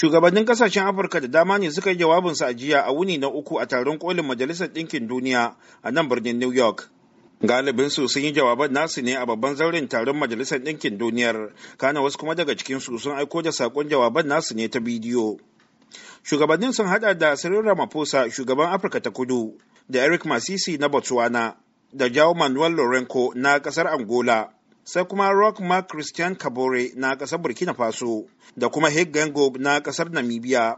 Shugabannin kasashen Afirka da dama ne suka yi jawabinsa a jiya a wuni na uku a taron kolin Majalisar Ɗinkin Duniya a nan birnin New York. galibinsu sun yi jawaban nasu ne a babban zauren taron majalisar ɗinkin duniyar kana wasu kuma daga cikinsu sun aiko da saƙon jawaban nasu ne ta bidiyo shugabannin sun hada da Cyril Ramaphosa shugaban Afirka ta kudu da Eric Masisi na Botswana da Jao Manuel Lorenco na kasar Angola sai kuma rock mark christian kabore na kasar burkina faso da kuma hegengo na kasar namibia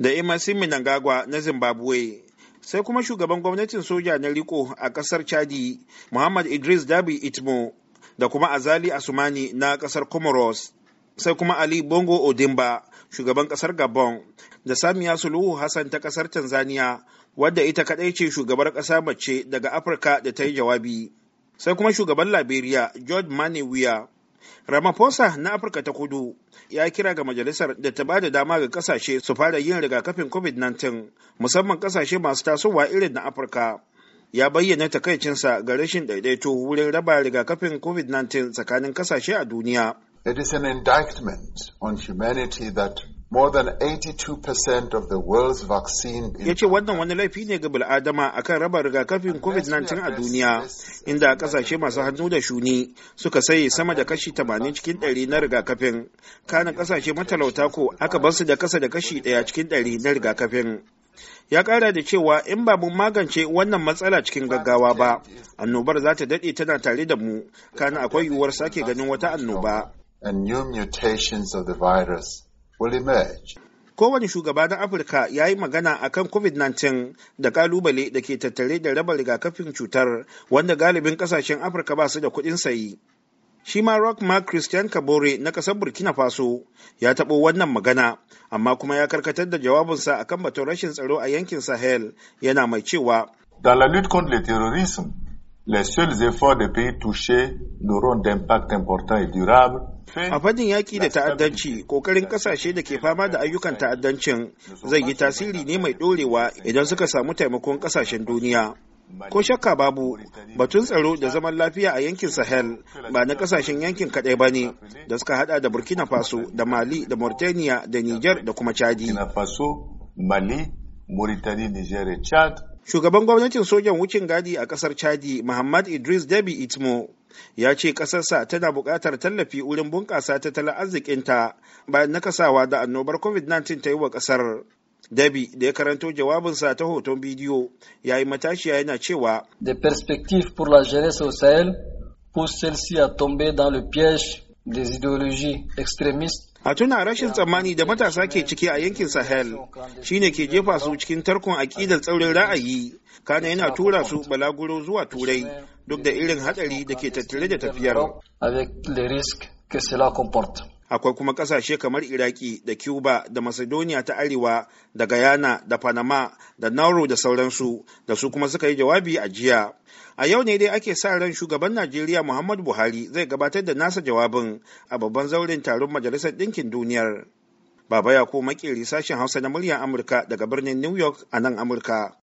da emerson minangagwa na zimbabwe sai kuma shugaban gwamnatin soja na riko a kasar chadi muhammad idris dabi itmo da kuma azali asumani na kasar comoros sai kuma ali bongo odimba shugaban kasar gabon da samiya suluhu hassan ta kasar tanzania wadda ita kadai ce shugabar kasa mace daga afirka da ta yi jawabi sai kuma shugaban liberia george maniwia ramaphosa na afirka ta kudu ya kira ga majalisar da ta ba da dama ga kasashe su fara yin rigakafin covid-19 musamman kasashe masu tasowa irin na afirka ya bayyana takaicinsa ga rashin daidaito wurin raba rigakafin covid-19 tsakanin kasashe a duniya it is an indictment on humanity that Ya ce wannan wani laifi ne ga bil'adama akan raba rigakafin COVID-19 a duniya, inda kasashe masu hannu da shuni suka saye sama da kashi 80 cikin 100 na rigakafin. Kanin kasashe matalauta ko aka bar su da kasa da kashi 1 cikin 100 na rigakafin. ya kara da cewa in ba mu magance wannan matsala cikin gaggawa ba annobar za ta daɗe tana tare da mu kana akwai yiwuwar sake ganin wata annoba and new mutations of the virus will emerge. Kowane shugaba na Afirka ya yi magana a kan COVID-19 da kalubale da ke tattare da raba rigakafin cutar wanda galibin kasashen Afirka ba su da kuɗin sayi. Shi ma Rock Mark Christian Kabore na ƙasar Burkina Faso ya taɓo wannan magana, amma kuma ya karkatar da jawabinsa a kan batun rashin tsaro a yankin Sahel yana mai cewa. Dans la lutte contre le terrorisme, Les seuls efforts des pays touchés n'auront d'impact important et durable A fadin yaƙi da ta'addanci, ƙoƙarin ƙasashe da ke fama da ayyukan ta'addancin zai yi tasiri ne mai ɗorewa idan suka samu taimakon ƙasashen duniya. Ko shakka babu, batun tsaro da zaman lafiya a yankin Sahel ba na ƙasashen yankin kaɗai ba ne da suka hada da Burkina Faso da Mali da Mauritania da Niger da kuma Chadi. Burkina Faso, Mali, Mauritania, Niger Chad Shugaban gwamnatin sojan wucin gadi a kasar Chadi, Muhammad Idris Debi Itmo, ya ce kasarsa tana buƙatar tallafi wurin bunƙasa ta tattalin arzikinta bayan nakasawa da annobar COVID-19 ta yi wa kasar Debi da ya karanto jawabinsa ta hoton bidiyo ya yi matashiya yana cewa. The perspective pour la jeunesse au Sahel pousse celle-ci à tomber dans le piège des idéologies extrémistes a tuna rashin tsammani da matasa ke ciki a yankin sahel shine ke jefa su cikin tarkon aƙidar tsaurin ra'ayi kana yana tura su balaguro zuwa turai duk da irin hatsari da ke tattare da tafiyar akwai kuma kasashe kamar iraki da cuba da macedonia ta arewa da guyana da panama da nauru da sauransu da su kuma suka yi jawabi a jiya a yau ne dai ake sa ran shugaban najeriya muhammadu buhari zai gabatar da nasa jawabin a babban zauren taron majalisar ɗinkin duniyar baba ya ko makeri sashen hausa na muryar amurka daga birnin new york a nan amurka